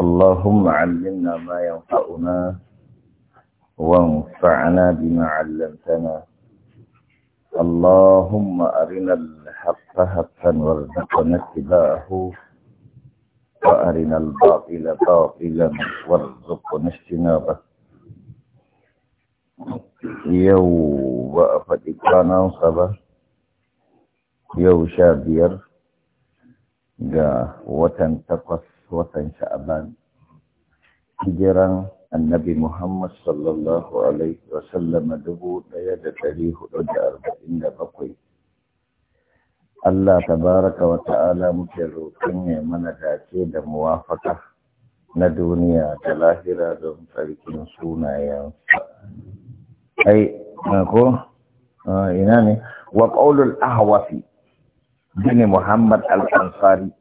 اللهم علمنا ما ينفعنا وانفعنا بما علمتنا اللهم أرنا الحق حقا وارزقنا اتباعه وأرنا الباطل باطلا وارزقنا اجتنابه يو وأفتك إكرانا صبا يو شابير جا وتنتقص watan sha'aban hijiran annabi Muhammad sallallahu Alaihi wa Sallama dubu ɗaya da ɗari hudu da arba'in da bakwai. Allah tabaraka wa ta'ala muke roƙon ya mana dace da muwafaka na duniya da lahira don tsarkin sunayen Ai, ko? Ah, ina ne? Wa ƙaulul ahwafi, bini Muhammad al-Ansari.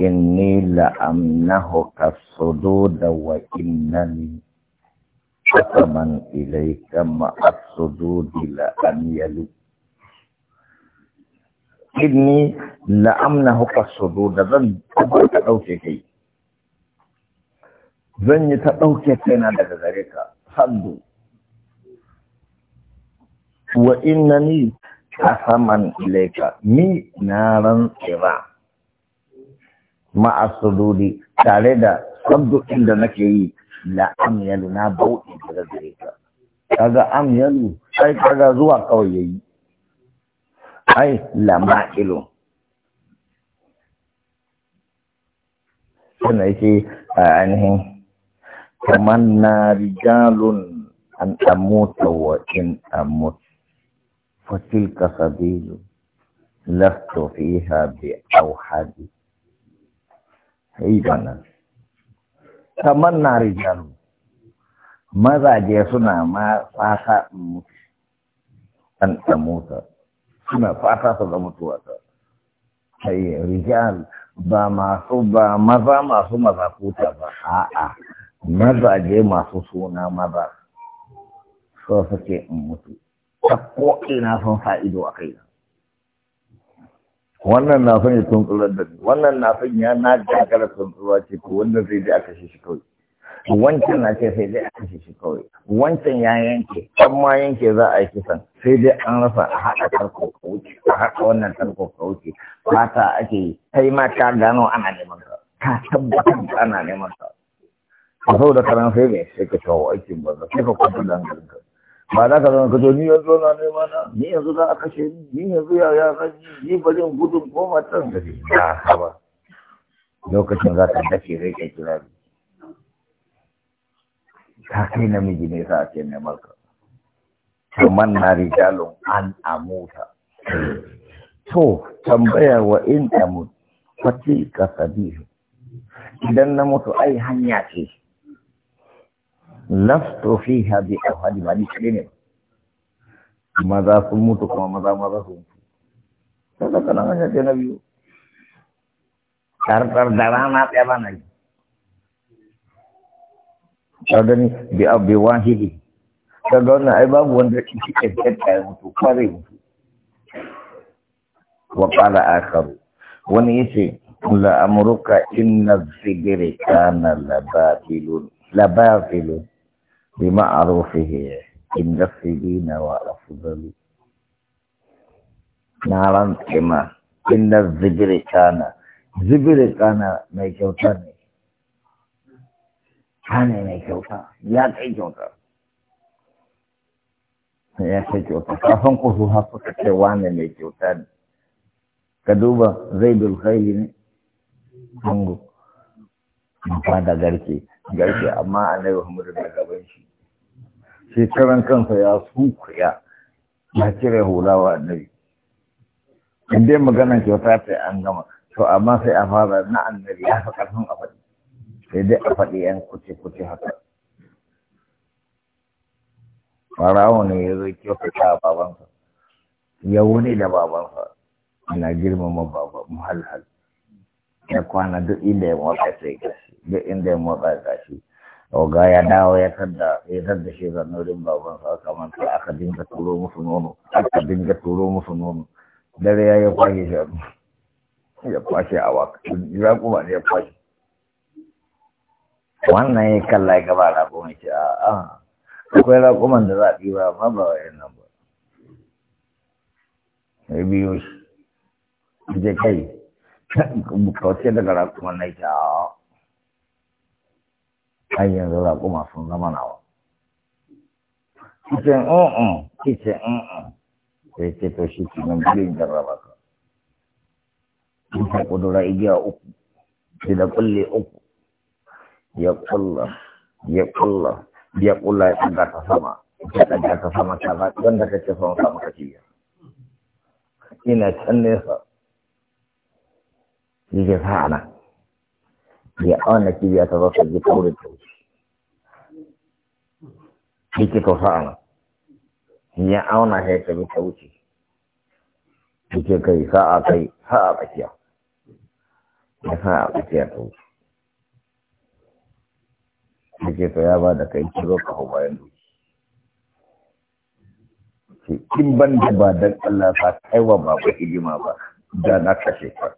إني لأمنهك الصدود وإنني قسما إليك مع الصدود يلو إني لأمنهك الصدود ذن تبقى أو شيء ذن يتأوكي كينا لذلك صدو وإنني قسما إليك مي نارا إرام مع الصدود تاري دا صدو عند نكي لا ام يلو نابو اجرد ريكا اجا ام يلو اي اجا زوا قوي اي لا ما إلو انا أشي اعنه تمنى رجال ان اموت وان اموت فتلك سبيل لست فيها باوحدي yi wannan tamanna rijalu mazaje suna ma fata mutu mota suna fata su ga mutuwa ta sai rijal ba masu ba maza masu maza kuta ba a'a mazaje masu suna maza so suke mutu ta ko ina sa ido a kaina wannan na son ya tuntsurar da ni wannan na son ya na gagara tuntsuwa ce ko wanda zai dai aka shi kawai wancan na ce sai dai aka shi kawai wancan ya yanke an ma yanke za a yi kisan sai dai an rasa a haɗa tarko ka wuce a haɗa wannan tarko ka wuce fata ake yi kai ma ka gano ana neman ka ka tabbatar da ana neman ka a saboda karan sai ne sai ka shawo aikin ba, sai ka kwanta dangalinka ba za ka zama kato ni yanzu na nema na ni yanzu za a kashe ni ni yanzu ya ya ni bari in gudun koma can da ke ba haba lokacin za ka dace zai kai kira ni ka kai namiji ne sa ce ne marka kaman na rijalun an amuta to tambaya wa in amut fati ka sabihu idan na mutu ai hanya ce lasto fi haɗe a haɗe ba ni kaɗai ne maza sun mutu kuma maza maza sun mutu sai da kanan hanyar ce na biyu tartar da rana ɗaya ba na yi ɗaudani bi abu wahidi daga wannan ai babu wanda shi ƙyanƙyanta ya mutu kware mutu wa ƙala akaru wani yace la amruka inna zigiri kana labatilun labatilun بمعروفه عند السجين والأفضل نارا كما إن الزبر كان زبر كان ما كوتاني كان ما كوتا يا كي كوتا ya kai kyauta kafin ku su hafi ka ce wane mai kyauta ne ka duba zai dulkhaili ne hango ba da garke garke amma annabi muhammadu da gaban shi shekaran kansa ya sukuya ya cire wa annabi in dai maganan kyauta ta an gama to amma sai a fara na annabi ya fi ƙarfin a faɗi sai dai a faɗi yan kuce kuce haka farawa ne ya zo fita a babansa ya wuni da babansa ana girmama baba muhalhal ya kwana duk inda ya motsa sai gashi duk inda ya motsa gashi oga ya dawo ya tadda ya tadda shi nurin baban sa kamar ta aka dinga turo musu nono aka dinga turo musu nono dare ya yi kwashe shanu ya kwashe awa ya ne ya kwashe wannan ya kalla ya gaba kuma ce a a akwai raƙuman da za a ɗiba amma ba wa yan nan ba ya biyo shi ce kai kauce daga raƙuman na ita a ah, ai yanzu raƙuma sun zama nawa kicin un'un kicin un'un sai ce to shi ke nan birin jarraba ka kicin ƙudura igiya uku sai da ƙulle uku ya kulla ya kulla ya kulla ya ɗaga ta sama ya ɗaga ta sama ta ba wanda ka ce son samu ka ciya ina can nesa yake sa nan ya auna kibiya ta zo ta ji kaurin ta wuce yake to sa'a ya auna ya ta bi ta wuce yake kai sa'a kai sa'a tsakiya ya sa'a tsakiya ta wuce yake to ya ba da kai kiro ka hau bayan duki in ban da ba dan Allah ba kai wa ba ku hijima ba da na kashe ka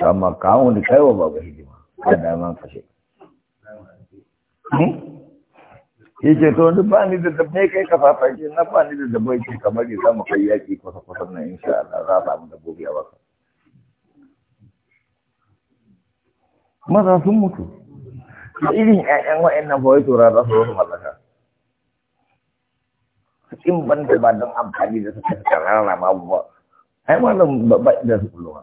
amma kawo da kai wa babu hidima da daman fashe. shi hmm? ce to wani ba ni da dabbai kai kafafa ce na ba ni da dabbai ce kamar ya zama kai yaƙi kusa kusa na insha Allah za mu samu dabbobi a baka maza sun mutu da irin ƴaƴan wa'annan kawai tura za su wasu mallaka in ban da ba don amfani da suka karara ma ba ai malam ba da su kullum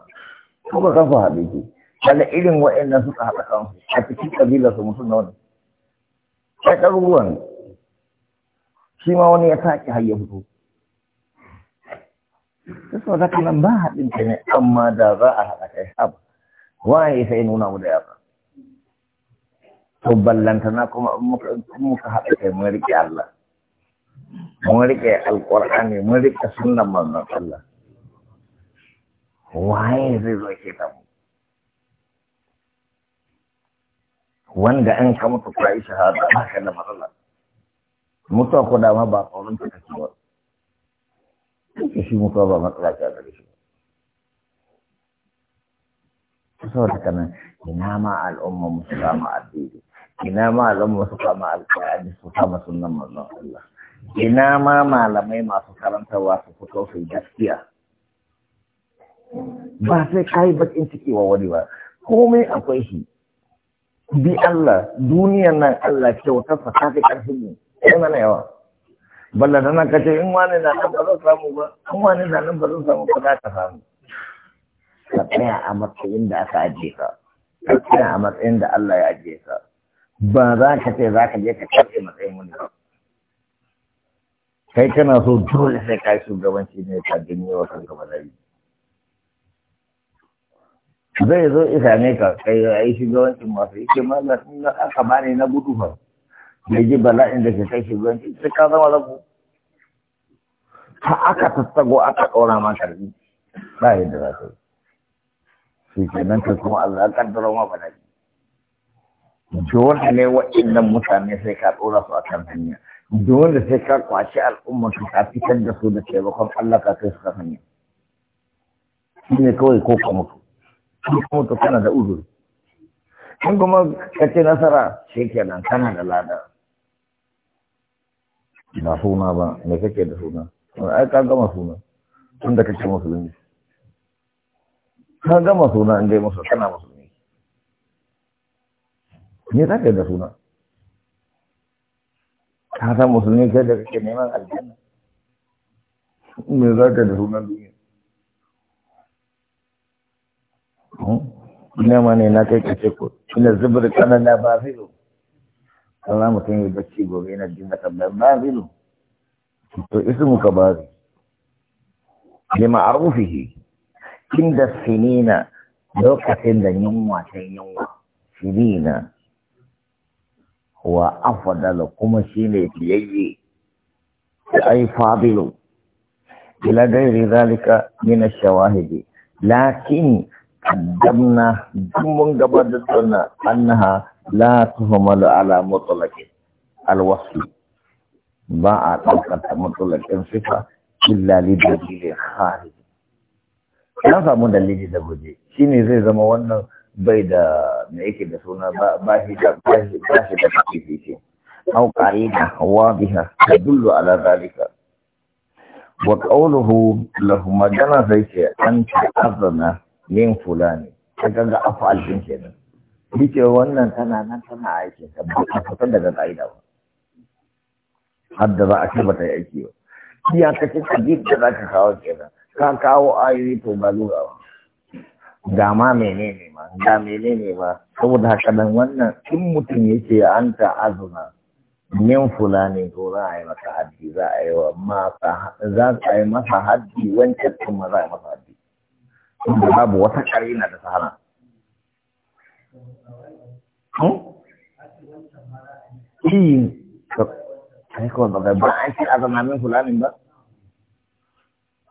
kuma kansu haɗe ke kaga irin wa'annan suka haɗa kansu a cikin ƙabilar su mutum na wani sai ɗaruruwan shi ma wani ya sake har ya fito ta sau da kanan ba haɗin ta ne amma da za a haɗa kai hab waye sai nuna mu da yaka. to ballantana kuma muka haɗa kai mun riƙe Allah mun riƙe alƙur'ani mun riƙe sunnan manzon Allah waye zai zo ke ta mu wanda an ka mutu ka yi shahada ba ka da matsala mutuwa ko ma ba tsoron ta kake ba kake shi a ba matsala ta da shi ta da kanan ina ma al'umma musu kama addini ina ma al'umma su kama alƙa'adi su kama sunan manzon Allah ina ma malamai masu karantarwa su fito su gaskiya ba sai ka yi bakin ciki wa wani ba komai akwai shi bi Allah duniyan nan Allah kyau ta karfin mu yana yawa balla tana ka ce in wani na nan ba zan samu ba in wani na nan ba zan samu ba za ka samu ka tsaya a matsayin da aka ajiye ka ka tsaya a matsayin da Allah ya ajiye ka ba za ka ce za ka je ka karfe matsayin wani ba kai kana so dole sai ka yi shugabanci ne ka janye wa kanka ba zai zai zo isa ne ka kai ya yi shugabancin masu yake sun na aka ba ne na gudu fa da ji bala'in da ke kai shugabancin sai ka zama zaku ta aka tattago aka ɗora ma karbi ba yadda za ka yi shi ke nan ta kuma Allah kan kaddara ma bala na ji dole ne waɗannan mutane sai ka ɗora su a kan hanya da sai ka kwashi al'ummar su ka fitar da su da taimakon Allah ka kai su kan hanya shi ne kawai ko ka mutu kuma to kana da uzuri in kuma ka ce nasara shi ke nan kana da lada na suna ba me kake da suna ai ka gama suna tun da kake musulmi ka gama suna in dai musulmi kana musulmi me za ka da suna ka san musulmi kai da kake neman aljanna me za ka da sunan duniya Hm? nema ne na kai kace ko ina zubar kanan na ba filo kana mutum ya bacci gobe na dinga tambayar ba filo to ismu kabari lima arufihi inda sinina lokacin da yunwa ta yunwa sinina wa afadala kuma shine fiyayye ai fadilu ila gairi zalika min ash-shawahidi lakin gabna dumun gaba da sunna annaha la tuhmalu ala mutlaqin al wasl ba a tsakanta mutlaqin sifa illa li dalil kharij na samu dalili da guje shine zai zama wannan bai da me yake da suna ba shi da ba shi da shi shi au qarina biha tadullu ala zalika wa qawluhu lahum magana zai ce anta azna ne fulani ganga afu alfin ke nan. ce wannan tana nan tana aiki ta ba ta daga kaida ba har da za a ce ba ta yi aiki ba iyakacin hadith da za ka kawo ke nan. ka kawo ayoyi to ba lura ba ga ma menene ma ga menene ba? saboda haka nan wannan in mutum yake an ta azuna min fulani to za a yi masa haddi za a yi masa za a yi masa haddi wancan kuma za a yi masa haddi inda babu wata karina da sahara Iya, sai kuma ba ba an ce a zamanin fulanin ba?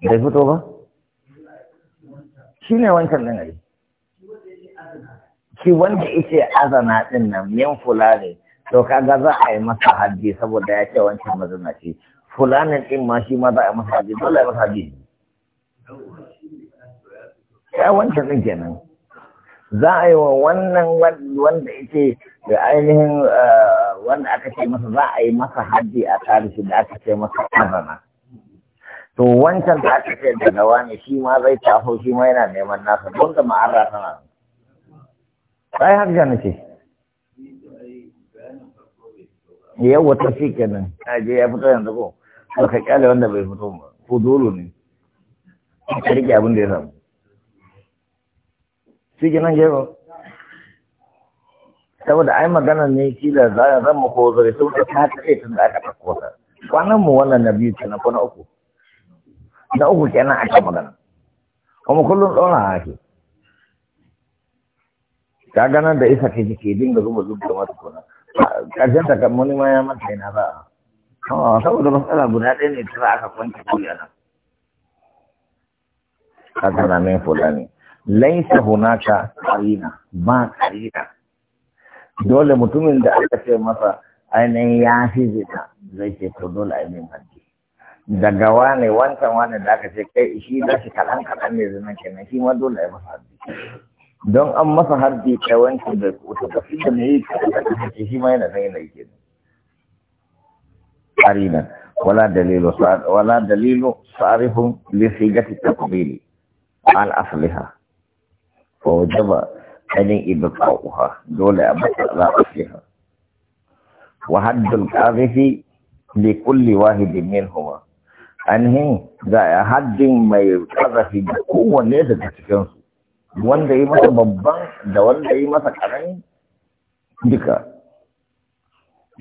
Bai fito ba? Shi ne wancan ɗin ai. Shi wanda ice azana ɗin nan min fulani, to kaga za a yi masa hajji saboda ya ce wancan mazinaci. Fulanin ɗin ma shi ma za a yi masa hajji, dole a yi masa hajji. ya wancan ɗin kenan za a yi wa wannan wanda yake da ainihin eh, wanda aka ce masa za a yi masa haddi a tarihi da aka ce masa azana to wancan da aka ce gawa ne shi ma zai taho shi ma yana neman nasa don da ma'arra tana yi har ga ce yawa ta shi kenan je ya fito yanzu ko ka kyale wanda bai fito ba ko dole ne ka rike abin da ya samu shi ke nan gero saboda ai magana ne kila za a zama ko zai sau da ta kai tun da aka tafi ta kwanan mu wannan na biyu kenan ko na uku na uku kenan ake magana kuma kullum a ke ka ganar da isa ke ke dinga zuba zuba da masu kuna ƙarshen ta kan muni ma ya manta yana ba a ah, saboda matsala guda ɗaya ne tara aka kwanci kuya nan ka zana fulani laisa hunaka karina ba karina dole mutumin da aka ce masa ainihin ya fi zina zai ce to dole ainihin hajji daga wane wancan wane da aka ce kai shi za shi kaɗan kaɗan ne zinan kenan shi ma dole ya masa hajji don an masa hajji kai wancan da kuta ba yi da mai kaɗan shi ma yana nan yana yake karina wala dalilu wala dalilu sarifun lisigati sigati al asliha فوجب أن يبقاؤها دولة مسألة فيها وحد القاذف لكل واحد منهما أنهي ذا حد ما يقذف بقوة ليس تتكنس وان ذا إيمة ببان ذا ذا إيمة كرين بك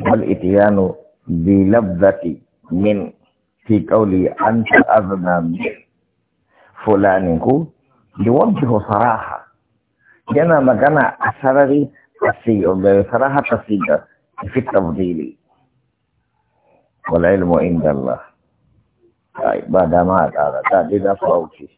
والإتيان بلفظة من في قولي أنت أذنى من فلانكو يوجه صراحة yana magana a sarari tasiga da saraha tasiga fi tabdili Wala ilmu inda Allah ba dama a ƙara ta dai za su